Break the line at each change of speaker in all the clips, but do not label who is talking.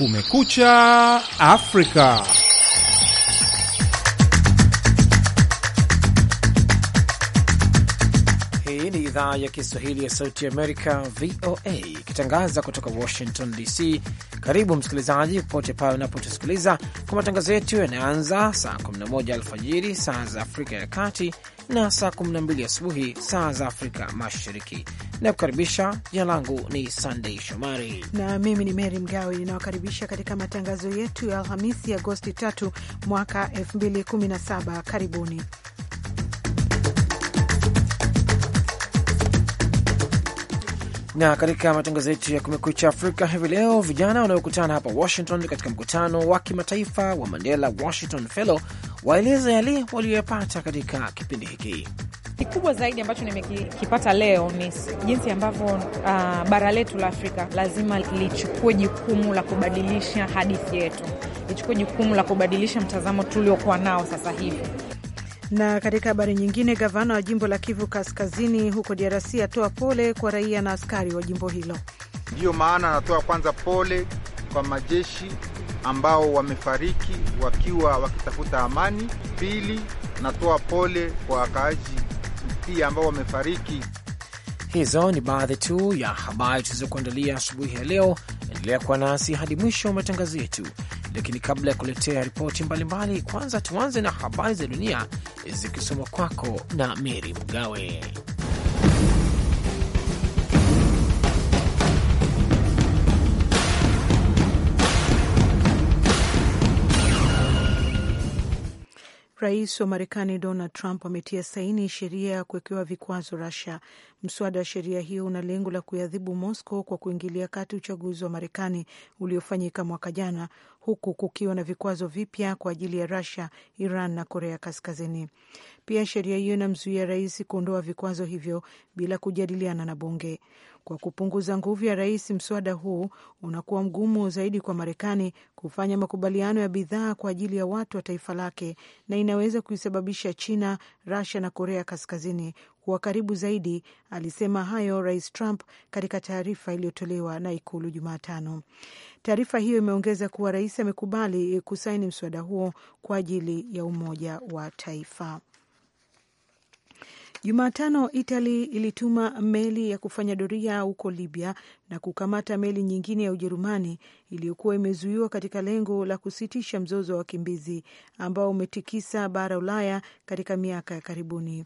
Kumekucha, África.
idhaa ya Kiswahili ya Sauti Amerika, VOA, ikitangaza kutoka Washington DC. Karibu msikilizaji, popote pale unapotusikiliza kwa matangazo yetu yanaanza saa 11 alfajiri saa za Afrika ya Kati na saa 12 asubuhi saa za Afrika Mashariki na kukaribisha. Jina langu ni Sandei Shomari
na mimi ni mery Mgawe, ninawakaribisha katika matangazo yetu ya Alhamisi, Agosti 3 mwaka 2017. Karibuni.
na katika matangazo yetu ya Kumekucha Afrika hivi leo, vijana wanaokutana hapa Washington katika mkutano wa kimataifa wa Mandela Washington Fellow waeleza yale walioyapata katika
kipindi hiki.
Kikubwa zaidi ambacho nimekipata leo ni jinsi ambavyo uh, bara letu la Afrika lazima lichukue jukumu la kubadilisha hadithi yetu, lichukue jukumu la kubadilisha mtazamo tuliokuwa nao sasa hivi na katika habari nyingine, gavana wa jimbo la Kivu Kaskazini huko DRC atoa pole kwa raia na askari wa
jimbo hilo. Ndiyo maana anatoa kwanza pole kwa majeshi ambao wamefariki wakiwa wakitafuta amani. Pili, natoa pole kwa wakaaji pia ambao wamefariki.
Hizo ni baadhi tu ya habari tulizokuandalia asubuhi ya leo. Endelea kuwa nasi hadi mwisho wa matangazo yetu, lakini kabla ya kuletea ripoti mbalimbali, kwanza tuanze na habari za dunia zikisoma kwako na Meri Mgawe.
Rais wa Marekani Donald Trump ametia saini sheria ya kuwekewa vikwazo Rusia. Mswada wa sheria hiyo una lengo la kuiadhibu Moscow kwa kuingilia kati uchaguzi wa Marekani uliofanyika mwaka jana, huku kukiwa na vikwazo vipya kwa ajili ya Rusia, Iran na Korea Kaskazini. Pia sheria hiyo inamzuia rais kuondoa vikwazo hivyo bila kujadiliana na bunge. Kwa kupunguza nguvu ya rais, mswada huu unakuwa mgumu zaidi kwa Marekani kufanya makubaliano ya bidhaa kwa ajili ya watu wa taifa lake, na inaweza kuisababisha China, Rusia na Korea Kaskazini kuwa karibu zaidi. Alisema hayo Rais Trump katika taarifa iliyotolewa na Ikulu Jumatano. Taarifa hiyo imeongeza kuwa rais amekubali kusaini mswada huo kwa ajili ya umoja wa taifa. Jumatano Itali ilituma meli ya kufanya doria huko Libya na kukamata meli nyingine ya Ujerumani iliyokuwa imezuiwa katika lengo la kusitisha mzozo wa wakimbizi ambao umetikisa bara Ulaya katika miaka ya karibuni.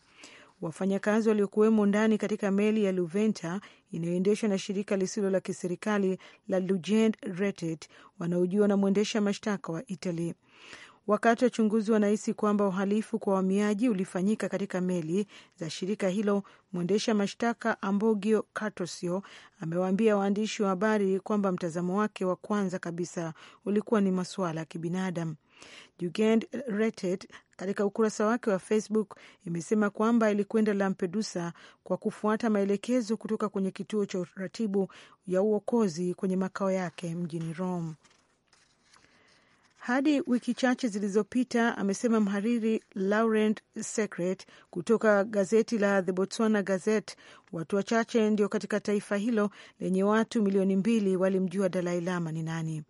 Wafanyakazi waliokuwemo ndani katika meli ya Luventa inayoendeshwa na shirika lisilo la kiserikali la Lugend Retet wanaojiwa na mwendesha mashtaka wa itali wakati wachunguzi wanahisi kwamba uhalifu kwa wahamiaji ulifanyika katika meli za shirika hilo. Mwendesha mashtaka Ambogio Katosio amewaambia waandishi wa habari kwamba mtazamo wake wa kwanza kabisa ulikuwa ni masuala ya kibinadamu. Jugend Retet katika ukurasa wake wa Facebook imesema kwamba ilikwenda Lampedusa kwa kufuata maelekezo kutoka kwenye kituo cha uratibu ya uokozi kwenye makao yake mjini Rome. Hadi wiki chache zilizopita, amesema mhariri Laurent Secret kutoka gazeti la The Botswana Gazette, watu wachache ndio katika taifa hilo lenye watu milioni mbili walimjua Dalai Lama ni nani.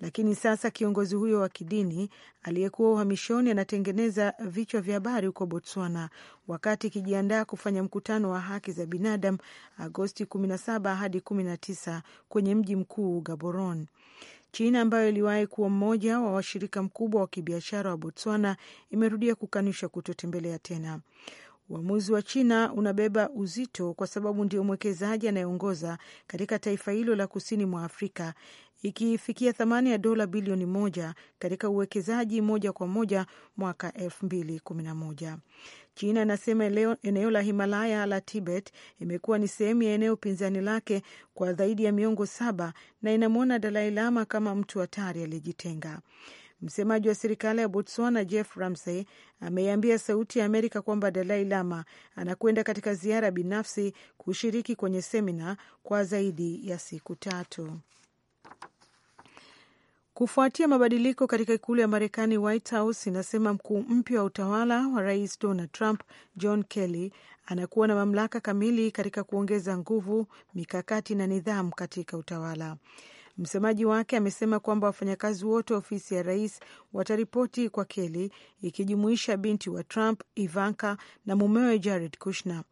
Lakini sasa kiongozi huyo wa kidini aliyekuwa uhamishoni anatengeneza vichwa vya habari huko Botswana wakati ikijiandaa kufanya mkutano wa haki za binadamu Agosti 17 hadi 19 kwenye mji mkuu Gaborone. China ambayo iliwahi kuwa mmoja wa washirika mkubwa wa kibiashara wa Botswana imerudia kukanusha kutotembelea tena. Uamuzi wa China unabeba uzito kwa sababu ndio mwekezaji anayeongoza katika taifa hilo la kusini mwa Afrika, ikifikia thamani ya dola bilioni moja katika uwekezaji moja kwa moja mwaka elfu mbili kumi na moja. China inasema eneo la Himalaya la Tibet imekuwa ni sehemu ya eneo pinzani lake kwa zaidi ya miongo saba na inamwona Dalai Lama kama mtu hatari aliyejitenga. Msemaji wa serikali ya Botswana Jeff Ramsey ameiambia Sauti ya Amerika kwamba Dalai Lama anakwenda katika ziara binafsi kushiriki kwenye semina kwa zaidi ya siku tatu kufuatia mabadiliko katika ikulu ya Marekani. White House inasema mkuu mpya wa utawala wa rais Donald Trump, John Kelly, anakuwa na mamlaka kamili katika kuongeza nguvu, mikakati na nidhamu katika utawala. Msemaji wake amesema kwamba wafanyakazi wote wa ofisi ya rais wataripoti kwa Kelly, ikijumuisha binti wa Trump, Ivanka, na mumewe Jared Kushner.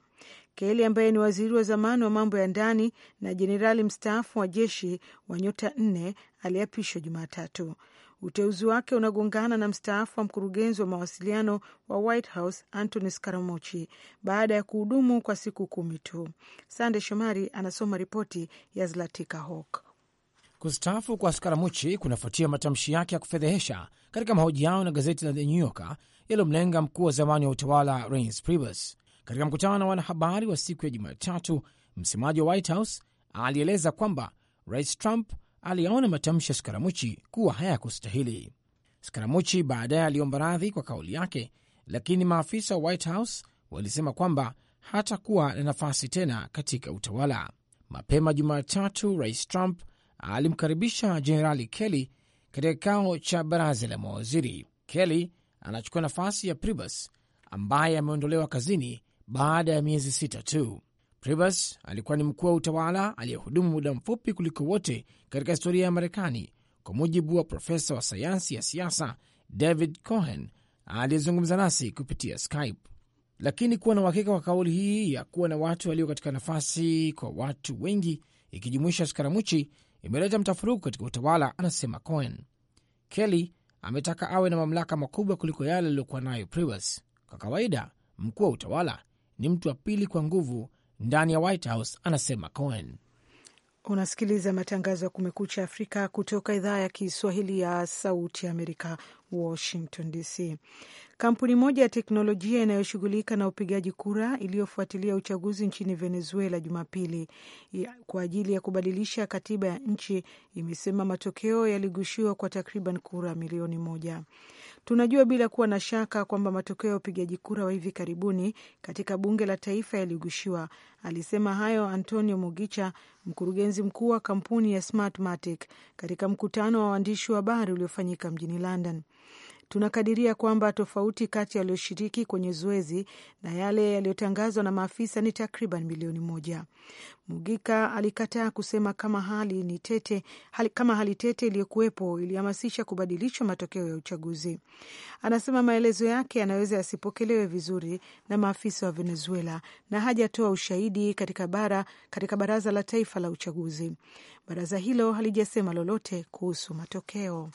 Kelly ambaye ni waziri wa zamani wa mambo ya ndani na jenerali mstaafu wa jeshi wa nyota nne aliapishwa Jumatatu. Uteuzi wake unagongana na mstaafu wa mkurugenzi wa mawasiliano wa White House Anthony Scaramucci baada ya kuhudumu kwa siku kumi tu. Sande Shomari anasoma ripoti ya Zlatika Hawk.
Kustaafu kwa Skaramuchi kunafuatia matamshi yake ya kufedhehesha katika mahojiano na gazeti la The New Yorker yaliyomlenga mkuu wa zamani wa utawala Reince Priebus. Katika mkutano na wanahabari wa siku ya Jumatatu, msemaji wa White House alieleza kwamba Rais Trump aliyaona matamshi ya Skaramuchi kuwa hayakustahili. Skaramuchi baadaye aliomba radhi kwa kauli yake, lakini maafisa wa White House walisema kwamba hatakuwa na nafasi tena katika utawala. Mapema Jumatatu, Rais Trump alimkaribisha Jenerali Kelly katika kikao cha baraza la mawaziri. Kelly anachukua nafasi ya pribus ambaye ameondolewa kazini baada ya miezi sita tu. Pribas alikuwa ni mkuu wa utawala aliyehudumu muda mfupi kuliko wote katika historia ya Marekani, kwa mujibu wa profesa wa sayansi ya siasa David Cohen aliyezungumza nasi kupitia Skype. Lakini kuwa na uhakika wa kauli hii ya kuwa na watu walio katika nafasi kwa watu wengi ikijumuisha skaramuchi imeleta mtafaruku katika utawala, anasema Cohen. Kelly ametaka awe na mamlaka makubwa kuliko yale aliyokuwa nayo Pribas. Kwa kawaida, mkuu wa utawala ni mtu wa pili kwa nguvu ndani ya White House, anasema Cohen.
Unasikiliza matangazo ya Kumekucha Afrika kutoka idhaa ya Kiswahili ya Sauti ya Amerika, Washington DC. Kampuni moja ya teknolojia inayoshughulika na upigaji kura iliyofuatilia uchaguzi nchini Venezuela Jumapili kwa ajili ya kubadilisha katiba ya nchi imesema matokeo yaligushiwa kwa takriban kura milioni moja. Tunajua bila kuwa na shaka kwamba matokeo ya upigaji kura wa hivi karibuni katika bunge la taifa yaligushiwa. Alisema hayo Antonio Mugicha, mkurugenzi mkuu wa kampuni ya Smartmatic katika mkutano wa waandishi wa habari uliofanyika mjini London. Tunakadiria kwamba tofauti kati yaliyoshiriki kwenye zoezi na yale yaliyotangazwa na maafisa ni takriban milioni moja. Mugika alikataa kusema kama hali ni tete, hali, kama hali tete iliyokuwepo ilihamasisha kubadilishwa matokeo ya uchaguzi. Anasema maelezo yake yanaweza yasipokelewe vizuri na maafisa wa Venezuela na hajatoa ushahidi katika, bara, katika baraza la taifa la uchaguzi. Baraza hilo halijasema lolote kuhusu matokeo.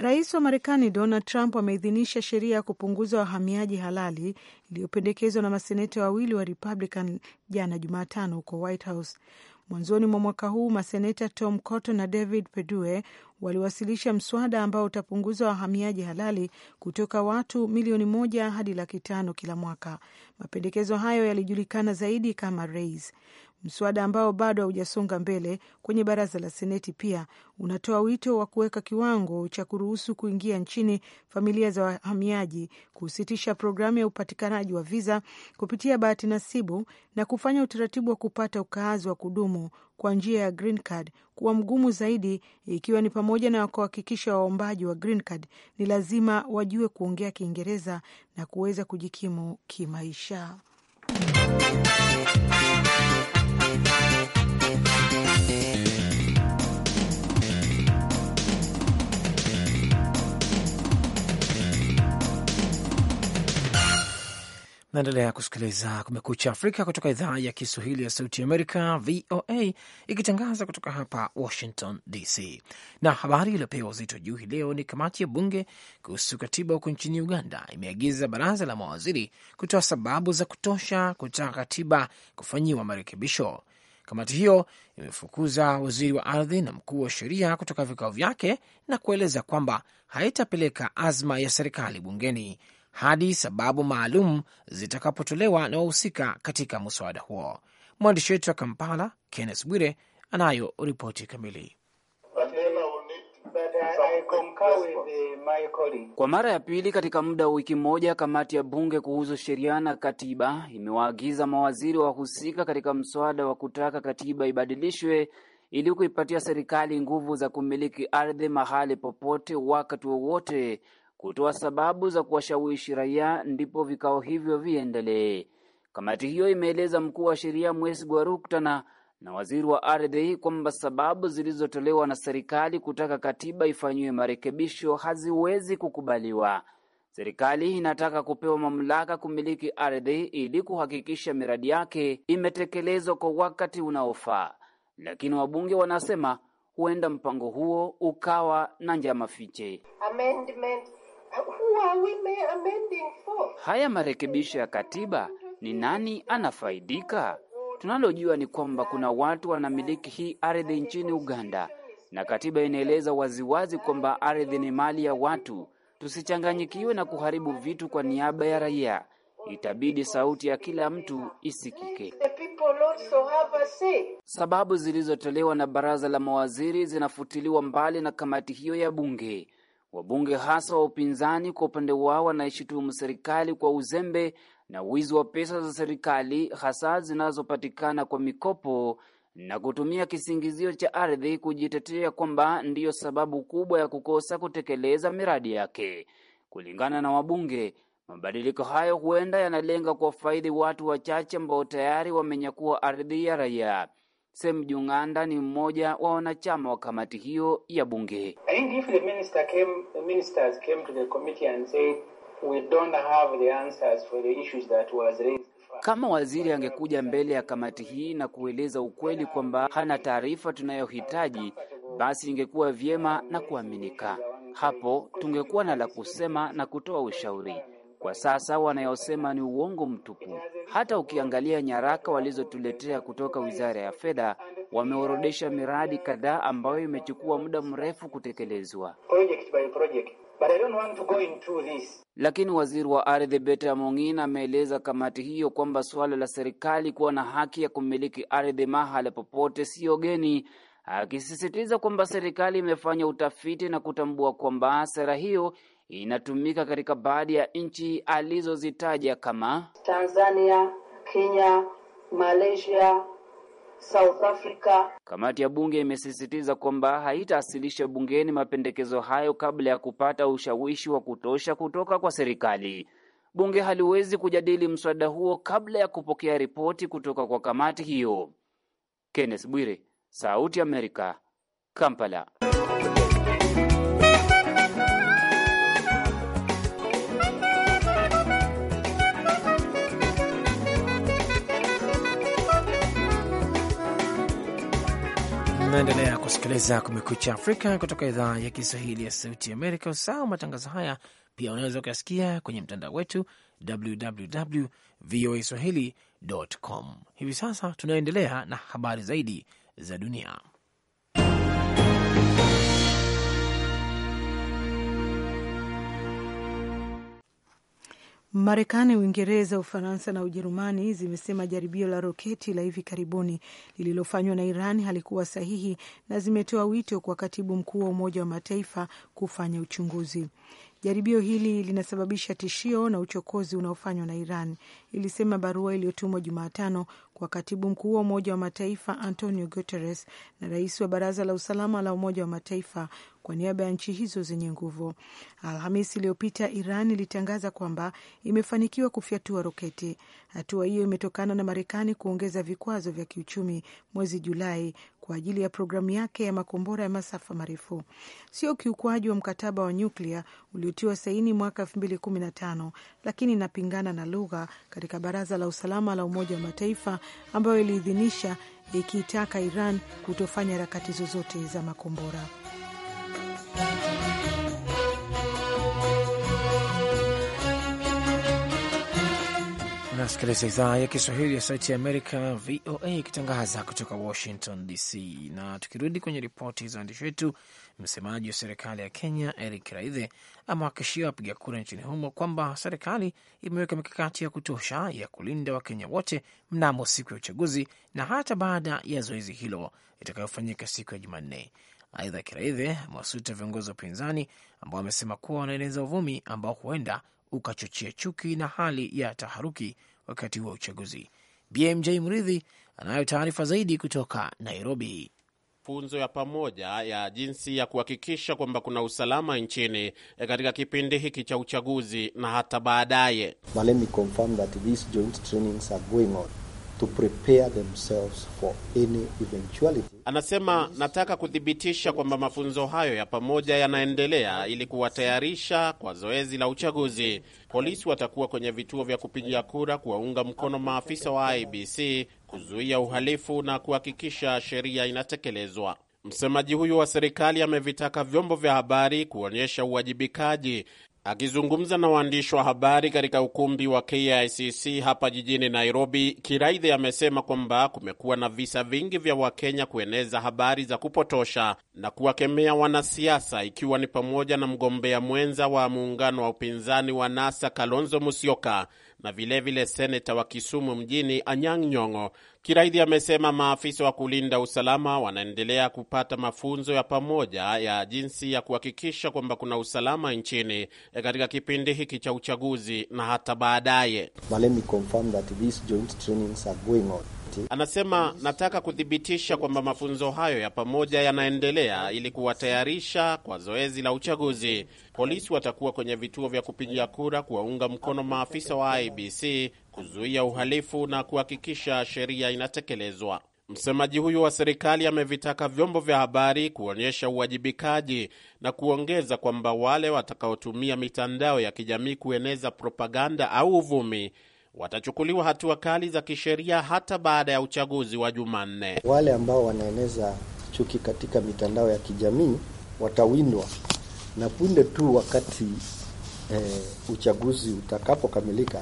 Rais wa Marekani Donald Trump ameidhinisha sheria ya kupunguza wahamiaji halali iliyopendekezwa na maseneta wawili wa Republican jana Jumatano huko White House. Mwanzoni mwa mwaka huu maseneta Tom Cotton na David Perdue waliwasilisha mswada ambao utapunguza wahamiaji halali kutoka watu milioni moja hadi laki tano kila mwaka. Mapendekezo hayo yalijulikana zaidi kama rais Mswada ambao bado haujasonga mbele kwenye baraza la Seneti pia unatoa wito wa kuweka kiwango cha kuruhusu kuingia nchini familia za wahamiaji, kusitisha programu ya upatikanaji wa viza kupitia bahati nasibu na kufanya utaratibu wa kupata ukaazi wa kudumu kwa njia ya green card kuwa mgumu zaidi, ikiwa ni pamoja na kuhakikisha waombaji wa green card ni lazima wajue kuongea Kiingereza na kuweza kujikimu kimaisha.
Naendelea kusikiliza Kumekucha Afrika kutoka idhaa ya Kiswahili ya Sauti Amerika, VOA, ikitangaza kutoka hapa Washington DC. Na habari iliyopewa uzito juu hii leo ni kamati ya bunge kuhusu katiba huko nchini Uganda imeagiza baraza la mawaziri kutoa sababu za kutosha kutaka katiba kufanyiwa marekebisho. Kamati hiyo imefukuza waziri wa ardhi na mkuu wa sheria kutoka vikao vyake na kueleza kwamba haitapeleka azma ya serikali bungeni hadi sababu maalum zitakapotolewa na wahusika katika mswada huo. Mwandishi wetu wa Kampala, Kenneth Bwire, anayo ripoti kamili. Kwa mara ya pili
katika muda wa wiki moja, kamati ya bunge kuhusu sheria na katiba imewaagiza mawaziri wahusika katika mswada wa kutaka katiba ibadilishwe ili kuipatia serikali nguvu za kumiliki ardhi mahali popote wakati wowote kutoa sababu za kuwashawishi raia ndipo vikao hivyo viendelee. Kamati hiyo imeeleza mkuu wa sheria Mwesi Gwaruktana na waziri wa ardhi kwamba sababu zilizotolewa na serikali kutaka katiba ifanyiwe marekebisho haziwezi kukubaliwa. Serikali inataka kupewa mamlaka kumiliki ardhi ili kuhakikisha miradi yake imetekelezwa kwa wakati unaofaa, lakini wabunge wanasema huenda mpango huo ukawa na njama fiche. Amendment Haya marekebisho ya katiba ni nani anafaidika? Tunalojua ni kwamba kuna watu wanamiliki hii ardhi nchini Uganda, na katiba inaeleza waziwazi kwamba ardhi ni mali ya watu. Tusichanganyikiwe na kuharibu vitu kwa niaba ya raia. Itabidi sauti ya kila mtu isikike. Sababu zilizotolewa na baraza la mawaziri zinafutiliwa mbali na kamati hiyo ya bunge. Wabunge hasa wa upinzani kwa upande wao wanaishutumu serikali kwa uzembe na wizi wa pesa za serikali hasa zinazopatikana kwa mikopo na kutumia kisingizio cha ardhi kujitetea kwamba ndiyo sababu kubwa ya kukosa kutekeleza miradi yake. Kulingana na wabunge, mabadiliko hayo huenda yanalenga kuwafaidi watu wachache ambao tayari wamenyakua ardhi ya raia. Sem Jung'anda ni mmoja wa wanachama wa kamati hiyo ya bunge. Kama waziri angekuja mbele ya kamati hii na kueleza ukweli kwamba hana taarifa tunayohitaji, basi ingekuwa vyema na kuaminika. Hapo tungekuwa na la kusema na kutoa ushauri. Kwa sasa wanayosema ni uongo mtupu. Hata ukiangalia nyaraka walizotuletea kutoka Wizara ya Fedha, wameorodesha miradi kadhaa ambayo imechukua muda mrefu kutekelezwa.
But I don't want to go into this.
Lakini waziri wa ardhi Beta Mong'ina ameeleza kamati hiyo kwamba suala la serikali kuwa na haki ya kumiliki ardhi mahala popote siyo geni, akisisitiza kwamba serikali imefanya utafiti na kutambua kwamba sera hiyo inatumika katika baadhi ya nchi alizozitaja kama Tanzania, Kenya, Malaysia, South Africa. Kamati ya bunge imesisitiza kwamba haitawasilisha bungeni mapendekezo hayo kabla ya kupata ushawishi wa kutosha kutoka kwa serikali. Bunge haliwezi kujadili mswada huo kabla ya kupokea ripoti kutoka kwa kamati hiyo. Kenneth Bwire, Sauti ya Amerika, Kampala.
Mnaendelea kusikiliza Kumekucha Afrika kutoka idhaa ya Kiswahili ya Sauti Amerika. Usahau matangazo haya pia unaweza ukasikia kwenye mtandao wetu www voa swahili com. Hivi sasa tunaendelea na habari zaidi za dunia.
Marekani, Uingereza, Ufaransa na Ujerumani zimesema jaribio la roketi la hivi karibuni lililofanywa na Iran halikuwa sahihi na zimetoa wito kwa katibu mkuu wa Umoja wa Mataifa kufanya uchunguzi. Jaribio hili linasababisha tishio na uchokozi unaofanywa na Iran ilisema barua iliyotumwa Jumatano kwa katibu mkuu wa Umoja wa Mataifa Antonio Guterres na rais wa Baraza la Usalama la Umoja wa Mataifa kwa niaba ya nchi hizo zenye nguvu. Alhamisi iliyopita Iran ilitangaza kwamba imefanikiwa kufyatua roketi. Hatua hiyo imetokana na Marekani kuongeza vikwazo vya kiuchumi mwezi Julai kwa ajili ya programu yake ya makombora ya masafa marefu. Sio ukiukwaji wa mkataba wa nyuklia uliotiwa saini mwaka 2015 lakini inapingana na lugha katika Baraza la Usalama la Umoja wa Mataifa ambayo iliidhinisha ikitaka Iran kutofanya harakati zozote za makombora.
Nasikiliza idhaa ya Kiswahili ya Sauti ya Amerika, VOA, ikitangaza kutoka Washington DC. Na tukirudi kwenye ripoti za waandishi wetu, msemaji wa serikali ya Kenya Eric Raithe amewahakikishia wapiga kura nchini humo kwamba serikali imeweka mikakati ya kutosha ya kulinda Wakenya wote mnamo siku ya uchaguzi na hata baada ya zoezi hilo itakayofanyika siku ya Jumanne. Aidha, Kiraithe amewasuta viongozi wa upinzani ambao wamesema kuwa wanaeneza uvumi ambao huenda ukachochea chuki na hali ya taharuki wakati wa uchaguzi. BMJ Mridhi anayo taarifa zaidi kutoka Nairobi.
Mafunzo ya pamoja ya jinsi ya kuhakikisha kwamba kuna usalama nchini eh, katika kipindi hiki cha uchaguzi na hata baadaye to prepare themselves for any eventuality. Anasema, nataka kuthibitisha kwamba mafunzo hayo ya pamoja yanaendelea ili kuwatayarisha kwa zoezi la uchaguzi. Polisi watakuwa kwenye vituo vya kupigia kura kuwaunga mkono maafisa wa IBC kuzuia uhalifu na kuhakikisha sheria inatekelezwa. Msemaji huyu wa serikali amevitaka vyombo vya habari kuonyesha uwajibikaji Akizungumza na waandishi wa habari katika ukumbi wa KICC hapa jijini Nairobi, Kiraithe amesema kwamba kumekuwa na visa vingi vya Wakenya kueneza habari za kupotosha na kuwakemea wanasiasa, ikiwa ni pamoja na mgombea mwenza wa muungano wa upinzani wa NASA Kalonzo Musyoka na vilevile seneta wa Kisumu mjini Anyang' Nyong'o. Kiraithi amesema maafisa wa kulinda usalama wanaendelea kupata mafunzo ya pamoja ya jinsi ya kuhakikisha kwamba kuna usalama nchini e, katika kipindi hiki cha uchaguzi na hata baadaye wakati. Anasema, nataka kuthibitisha kwamba mafunzo hayo ya pamoja yanaendelea ili kuwatayarisha kwa zoezi la uchaguzi. Polisi watakuwa kwenye vituo vya kupigia kura kuwaunga mkono maafisa wa IBC kuzuia uhalifu na kuhakikisha sheria inatekelezwa. Msemaji huyu wa serikali amevitaka vyombo vya habari kuonyesha uwajibikaji na kuongeza kwamba wale watakaotumia mitandao ya kijamii kueneza propaganda au uvumi watachukuliwa hatua kali za kisheria hata baada ya uchaguzi wa Jumanne. Wale ambao wanaeneza chuki katika mitandao ya kijamii watawindwa, na punde tu wakati eh, uchaguzi utakapokamilika,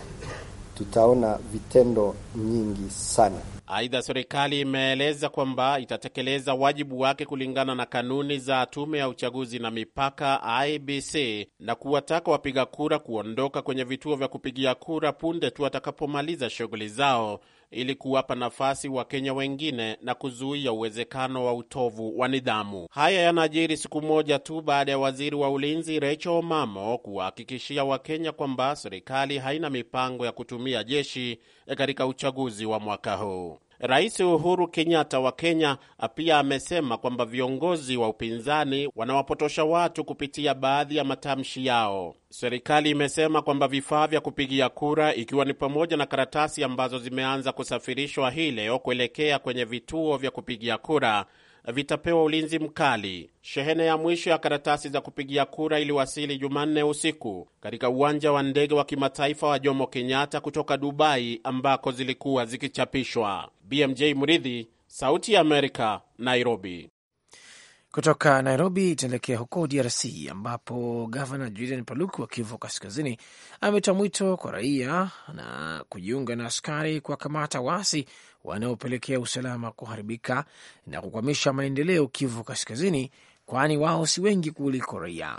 tutaona vitendo nyingi sana. Aidha, serikali imeeleza kwamba itatekeleza wajibu wake kulingana na kanuni za tume ya uchaguzi na mipaka IBC na kuwataka wapiga kura kuondoka kwenye vituo vya kupigia kura punde tu watakapomaliza shughuli zao ili kuwapa nafasi Wakenya wengine na kuzuia uwezekano wa utovu wa nidhamu. Haya yanajiri siku moja tu baada ya waziri wa ulinzi Rachel Omamo kuwahakikishia Wakenya kwamba serikali haina mipango ya kutumia jeshi katika uchaguzi wa mwaka huu. Rais Uhuru Kenyatta wa Kenya pia amesema kwamba viongozi wa upinzani wanawapotosha watu kupitia baadhi ya matamshi yao. Serikali imesema kwamba vifaa vya kupigia kura ikiwa ni pamoja na karatasi ambazo zimeanza kusafirishwa hii leo kuelekea kwenye vituo vya kupigia kura vitapewa ulinzi mkali. Shehena ya mwisho ya karatasi za kupigia kura iliwasili Jumanne usiku katika uwanja wa ndege wa kimataifa wa Jomo Kenyatta kutoka Dubai ambako zilikuwa zikichapishwa. BMJ Muridhi, Sauti ya Amerika, Nairobi.
Kutoka Nairobi tunaelekea huko DRC ambapo gavana Julian Paluku wa Kivu Kaskazini ametoa mwito kwa raia na kujiunga na askari kuwakamata waasi wanaopelekea usalama kuharibika na kukwamisha maendeleo Kivu Kaskazini, kwani wao si wengi kuliko raia.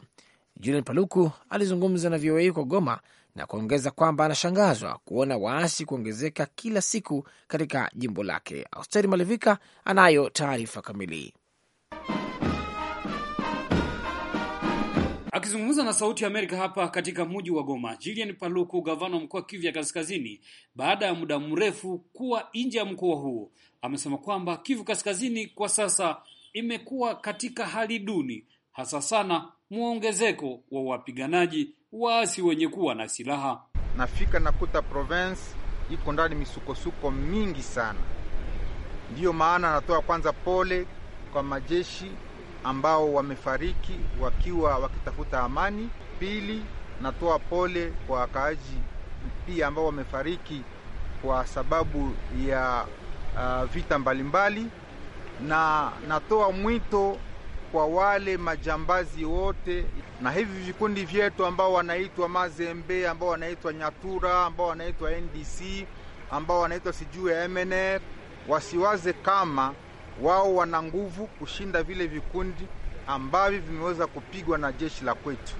Julian Paluku alizungumza na VOA kwa Goma na kuongeza kwamba anashangazwa kuona waasi kuongezeka kila siku katika jimbo lake. Austeri Malivika anayo taarifa kamili.
Akizungumza na Sauti ya Amerika hapa katika mji wa Goma, Julien Paluku, gavana wa mkoa wa Kivu ya Kaskazini, baada ya muda mrefu kuwa nje ya mkoa huo, amesema kwamba Kivu Kaskazini kwa sasa imekuwa katika hali duni, hasa sana
muongezeko wa wapiganaji waasi wenye kuwa na silaha. Nafika nakuta province iko ndani misukosuko mingi sana, ndiyo maana natoa kwanza pole kwa majeshi ambao wamefariki wakiwa wakitafuta amani. Pili, natoa pole kwa wakaaji pia ambao wamefariki kwa sababu ya uh, vita mbalimbali, na natoa mwito kwa wale majambazi wote, na hivi vikundi vyetu ambao wanaitwa Mazembe, ambao wanaitwa Nyatura, ambao wanaitwa NDC, ambao wanaitwa sijui ya MNF, wasiwaze kama wao wana nguvu kushinda vile vikundi ambavyo vimeweza kupigwa na jeshi la kwetu.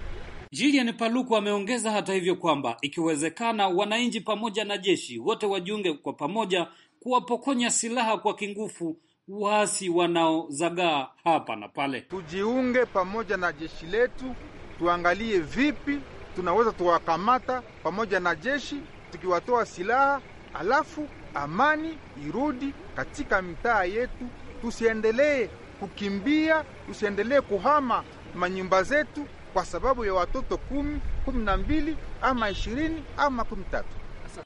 Julian Paluku ameongeza hata hivyo kwamba ikiwezekana, wananchi pamoja na jeshi wote wajiunge kwa pamoja kuwapokonya silaha kwa kingufu waasi wanaozagaa
hapa na pale.
Tujiunge
pamoja na jeshi letu, tuangalie vipi tunaweza tuwakamata pamoja na jeshi, tukiwatoa silaha, alafu amani irudi katika mitaa yetu. Tusiendelee kukimbia, tusiendelee kuhama manyumba zetu kwa sababu ya watoto kumi, kumi na mbili ama ishirini ama kumi tatu.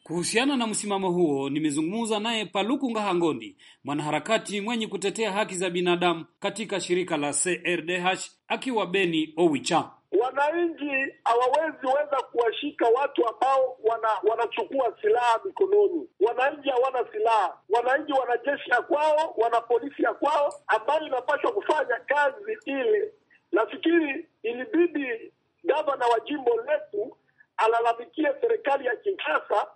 Kuhusiana na msimamo huo, nimezungumza naye Paluku Ngahangondi, mwanaharakati mwenye kutetea haki za binadamu katika shirika la CRDH akiwa Beni Owicha.
Wananchi hawawezi weza kuwashika watu ambao wana, wanachukua silaha mikononi. Wananchi hawana silaha, wananchi wana jeshi ya kwao, wana polisi ya kwao ambayo inapaswa kufanya kazi ile. Nafikiri ilibidi gavana wa jimbo letu alalamikie serikali ya Kinshasa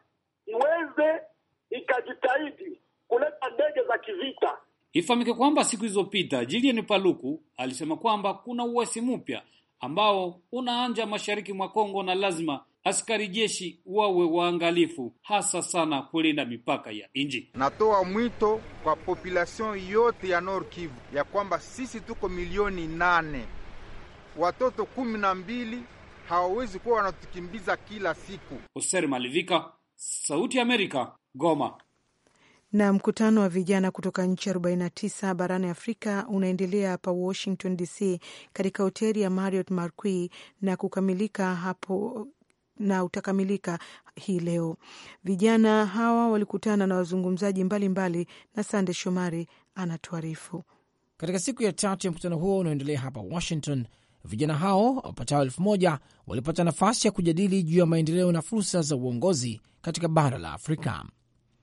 iweze ikajitahidi kuleta ndege za kivita.
Ifahamike kwamba siku zilizopita Julien Paluku alisema kwamba kuna uasi mpya ambao unaanja mashariki mwa Kongo na lazima askari jeshi wawe waangalifu hasa sana kulinda mipaka ya nji
Natoa mwito kwa population yote ya Nord Kivu ya kwamba sisi tuko milioni nane, watoto kumi na mbili hawawezi kuwa wanatukimbiza kila siku. Hoser Malivika, Sauti ya Amerika, Goma.
Na mkutano wa vijana kutoka nchi 49 barani Afrika unaendelea hapa Washington DC katika hoteli ya Marriott Marquis na kukamilika hapo na utakamilika hii leo. Vijana hawa walikutana na wazungumzaji mbalimbali mbali, na Sande Shomari anatuarifu.
Katika siku ya tatu ya mkutano huo unaoendelea hapa Washington, Vijana hao wapatao elfu moja walipata nafasi ya kujadili juu ya maendeleo na fursa za uongozi katika bara la Afrika.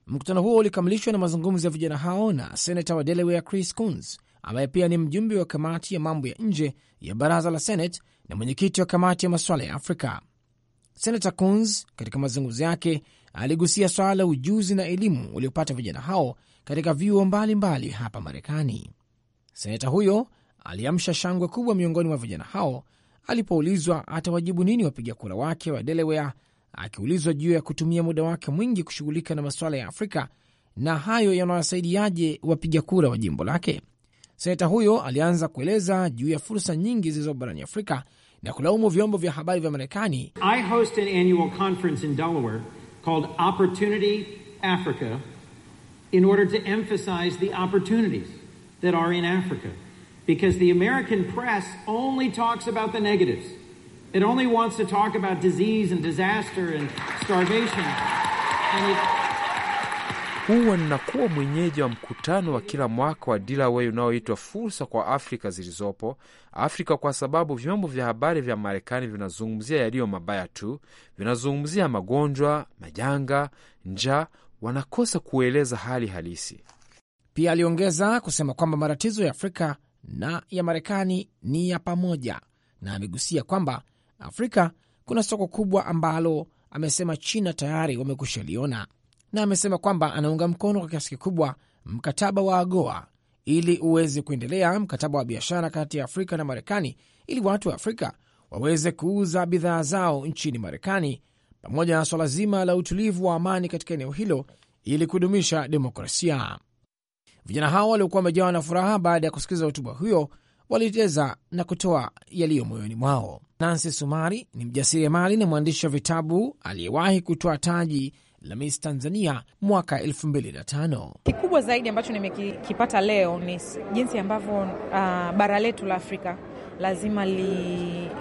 Mkutano huo ulikamilishwa na mazungumzo ya vijana hao na senata wa Delaware Chris Coons, ambaye pia ni mjumbe wa kamati ya mambo ya nje ya baraza la Senate na mwenyekiti wa kamati ya masuala ya Afrika. Senata Coons katika mazungumzo yake aligusia swala la ujuzi na elimu waliopata vijana hao katika vyuo mbalimbali hapa Marekani. Senata huyo aliamsha shangwe kubwa miongoni mwa vijana hao alipoulizwa atawajibu nini wapiga kura wake wa Delaware, akiulizwa juu ya kutumia muda wake mwingi kushughulika na masuala ya Afrika na hayo yanawasaidiaje wapiga kura wa jimbo lake. Seneta huyo alianza kueleza juu ya fursa nyingi zilizo barani Afrika na kulaumu vyombo vya habari vya Marekani
an because the American press only talks about the negatives. It only wants to talk about disease and disaster and starvation.
And it...
huwa ninakuwa mwenyeji wa mkutano wa kila mwaka wa Delaware unaoitwa fursa kwa Afrika zilizopo Afrika, kwa sababu vyombo vya habari vya Marekani vinazungumzia yaliyo mabaya tu, vinazungumzia magonjwa, majanga,
njaa, wanakosa kueleza hali halisi. Pia aliongeza kusema kwamba matatizo ya Afrika na ya Marekani ni ya pamoja, na amegusia kwamba Afrika kuna soko kubwa ambalo amesema China tayari wamekusha liona, na amesema kwamba anaunga mkono kwa kiasi kikubwa mkataba wa AGOA ili uweze kuendelea, mkataba wa biashara kati ya Afrika na Marekani, ili watu wa Afrika waweze kuuza bidhaa zao nchini Marekani, pamoja na swala zima la utulivu wa amani katika eneo hilo ili kudumisha demokrasia. Vijana hao waliokuwa wamejawa na furaha baada ya kusikiliza hotuba huyo waliteza na kutoa yaliyo moyoni mwao. Nancy Sumari ni mjasiria mali na mwandishi wa vitabu aliyewahi kutoa taji la Miss Tanzania mwaka 2005.
Kikubwa zaidi ambacho nimekipata leo ni jinsi ambavyo uh, bara letu la Afrika lazima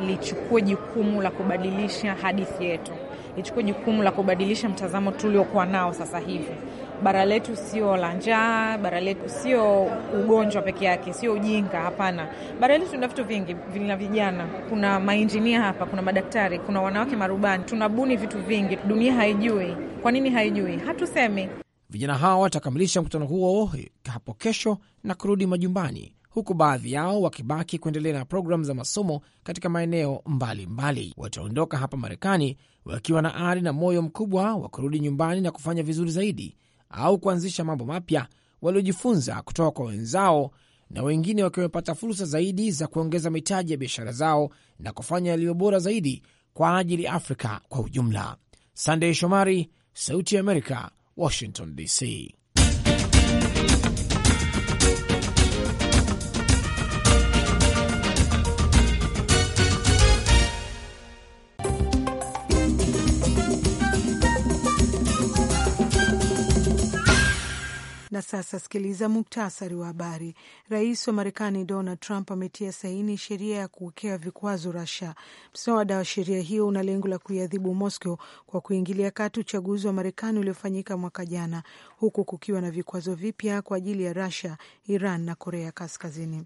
lichukue li jukumu la kubadilisha hadithi yetu, lichukue jukumu la kubadilisha mtazamo tuliokuwa nao sasa hivi bara letu sio la njaa, bara letu sio ugonjwa peke yake, sio ujinga. Hapana, bara letu na vitu vingi, vina vijana, kuna mainjinia hapa, kuna madaktari, kuna wanawake marubani, tunabuni vitu vingi, dunia haijui. Kwa nini haijui? Hatusemi.
Vijana hao watakamilisha mkutano huo hapo kesho na kurudi majumbani, huku baadhi yao wakibaki kuendelea na programu za masomo katika maeneo mbalimbali. Wataondoka hapa Marekani wakiwa na ari na moyo mkubwa wa kurudi nyumbani na kufanya vizuri zaidi au kuanzisha mambo mapya waliojifunza kutoka kwa wenzao, na wengine wakiwa wamepata fursa zaidi za kuongeza mitaji ya biashara zao na kufanya yaliyo bora zaidi kwa ajili ya Afrika kwa ujumla. Sandey Shomari, Sauti ya Amerika, Washington DC.
Na sasa sikiliza muktasari wa habari. Rais wa Marekani Donald Trump ametia saini sheria ya kuwekea vikwazo Rusia. Mswada wa sheria hiyo una lengo la kuiadhibu Moscow kwa kuingilia kati uchaguzi wa Marekani uliofanyika mwaka jana, huku kukiwa na vikwazo vipya kwa ajili ya Rusia, Iran na Korea Kaskazini.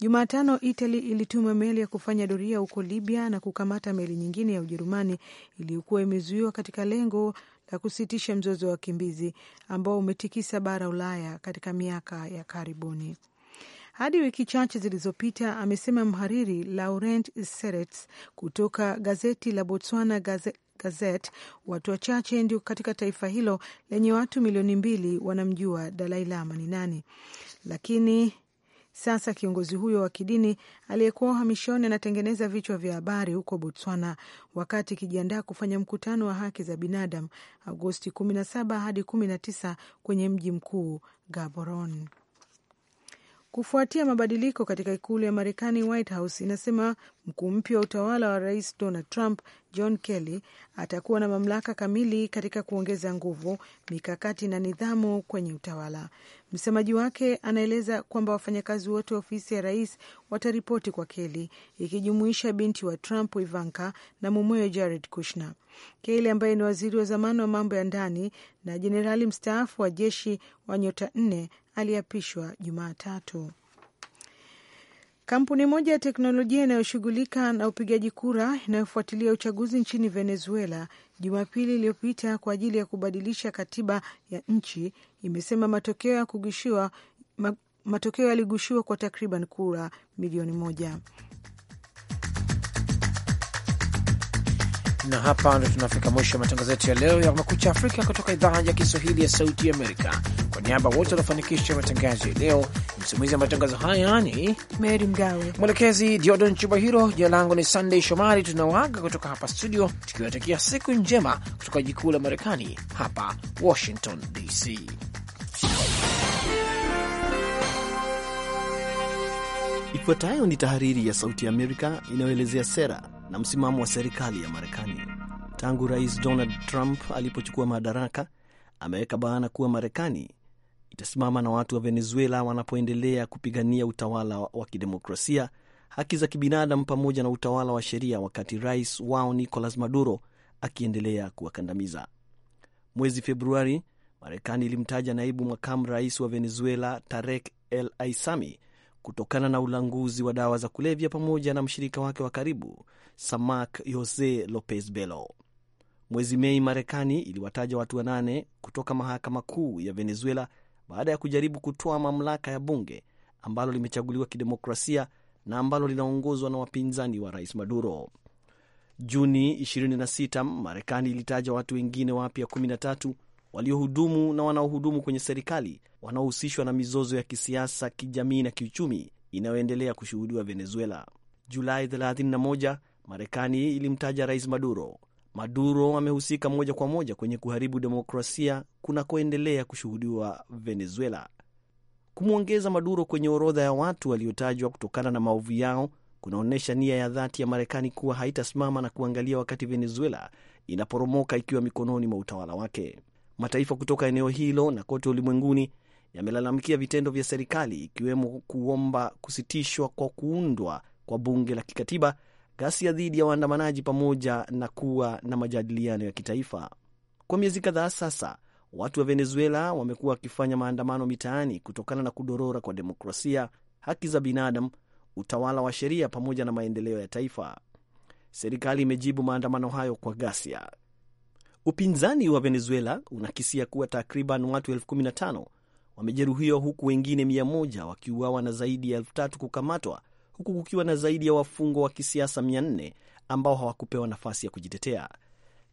Jumatano, Itali ilituma meli ya kufanya doria huko Libya na kukamata meli nyingine ya Ujerumani iliyokuwa imezuiwa katika lengo la kusitisha mzozo wa wakimbizi ambao umetikisa bara Ulaya katika miaka ya karibuni. Hadi wiki chache zilizopita, amesema mhariri Laurent Serets kutoka gazeti la Botswana Gazette Watu wachache ndio katika taifa hilo lenye watu milioni mbili wanamjua Dalai Lama ni nani, lakini sasa kiongozi huyo wa kidini aliyekuwa uhamishoni anatengeneza vichwa vya habari huko Botswana wakati ikijiandaa kufanya mkutano wa haki za binadamu Agosti 17 hadi 19 kwenye mji mkuu Gaborone kufuatia mabadiliko katika ikulu ya Marekani. White House inasema mkuu mpya wa utawala wa Rais Donald Trump, John Kelly, atakuwa na mamlaka kamili katika kuongeza nguvu, mikakati na nidhamu kwenye utawala. Msemaji wake anaeleza kwamba wafanyakazi wote wa ofisi ya rais wataripoti kwa Kelly, ikijumuisha binti wa Trump, Ivanka, na mumewe Jared Kushner. Kelly ambaye ni waziri wa zamani wa mambo ya ndani na jenerali mstaafu wa jeshi wa nyota nne aliapishwa Jumatatu. Kampuni moja ya teknolojia inayoshughulika na upigaji kura inayofuatilia uchaguzi nchini Venezuela Jumapili iliyopita kwa ajili ya kubadilisha katiba ya nchi imesema matokeo ya kugushiwa ma, matokeo yaligushiwa kwa takriban kura milioni moja.
Na hapa ndo tunafika mwisho wa matangazo yetu ya leo ya Kumekucha Afrika kutoka idhaa ya Kiswahili ya Sauti Amerika. Kwa niaba wote wanafanikisha matangazo ya leo, msimamizi wa matangazo haya ni Meri Mgawe, mwelekezi Diodon Chubahiro. Jina langu ni Sandey Shomari. Tunawaga kutoka hapa studio tukiwatakia siku njema kutoka jikuu la Marekani, hapa
Washington DC. Ifuatayo ni tahariri ya Sauti ya Amerika inayoelezea sera na msimamo wa serikali ya Marekani. Tangu Rais Donald Trump alipochukua madaraka, ameweka bayana kuwa Marekani itasimama na watu wa Venezuela wanapoendelea kupigania utawala wa kidemokrasia, haki za kibinadamu pamoja na utawala wa sheria, wakati rais wao Nicolas Maduro akiendelea kuwakandamiza. Mwezi Februari, Marekani ilimtaja naibu makamu rais wa Venezuela Tarek El Aisami kutokana na ulanguzi wa dawa za kulevya pamoja na mshirika wake wa karibu Samak Jose Lopez Belo. Mwezi Mei, Marekani iliwataja watu wanane kutoka mahakama kuu ya Venezuela baada ya kujaribu kutoa mamlaka ya bunge ambalo limechaguliwa kidemokrasia na ambalo linaongozwa na wapinzani wa rais Maduro. Juni 26 Marekani ilitaja watu wengine wapya 13 waliohudumu na wanaohudumu kwenye serikali wanaohusishwa na mizozo ya kisiasa, kijamii na kiuchumi inayoendelea kushuhudiwa Venezuela. Julai 31 Marekani ilimtaja rais Maduro Maduro amehusika moja kwa moja kwenye kuharibu demokrasia kunakoendelea kushuhudiwa Venezuela. Kumwongeza Maduro kwenye orodha ya watu waliotajwa kutokana na maovu yao kunaonyesha nia ya dhati ya Marekani kuwa haitasimama na kuangalia wakati Venezuela inaporomoka ikiwa mikononi mwa utawala wake. Mataifa kutoka eneo hilo na kote ulimwenguni yamelalamikia vitendo vya serikali, ikiwemo kuomba kusitishwa kwa kuundwa kwa bunge la kikatiba ghasia dhidi ya waandamanaji pamoja na kuwa na majadiliano ya kitaifa. Kwa miezi kadhaa sasa, watu wa Venezuela wamekuwa wakifanya maandamano mitaani kutokana na kudorora kwa demokrasia, haki za binadamu, utawala wa sheria pamoja na maendeleo ya taifa. Serikali imejibu maandamano hayo kwa ghasia. Upinzani wa Venezuela unakisia kuwa takriban watu elfu kumi na tano wamejeruhiwa huku wengine mia moja wakiuawa na zaidi ya elfu tatu kukamatwa huku kukiwa na zaidi ya wafungwa wa kisiasa 400 ambao hawakupewa nafasi ya kujitetea.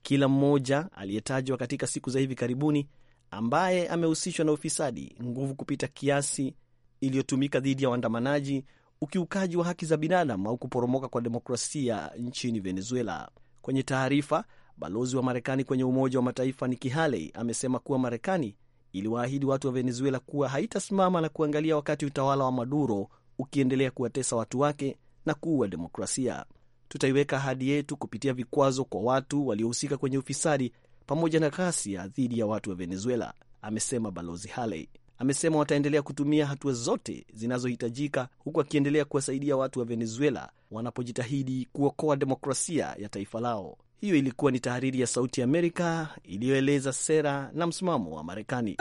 Kila mmoja aliyetajwa katika siku za hivi karibuni ambaye amehusishwa na ufisadi, nguvu kupita kiasi iliyotumika dhidi ya waandamanaji, ukiukaji wa haki za binadamu au kuporomoka kwa demokrasia nchini Venezuela. Kwenye taarifa, balozi wa Marekani kwenye Umoja wa Mataifa Nikki Haley amesema kuwa Marekani iliwaahidi watu wa Venezuela kuwa haitasimama na kuangalia wakati utawala wa Maduro ukiendelea kuwatesa watu wake na kuua demokrasia. Tutaiweka ahadi yetu kupitia vikwazo kwa watu waliohusika kwenye ufisadi pamoja na ghasia dhidi ya watu wa Venezuela, amesema Balozi Haley. Amesema wataendelea kutumia hatua zote zinazohitajika huku akiendelea kuwasaidia watu wa Venezuela wanapojitahidi kuokoa demokrasia ya taifa lao. Hiyo ilikuwa ni tahariri ya Sauti ya Amerika iliyoeleza sera na msimamo wa Marekani.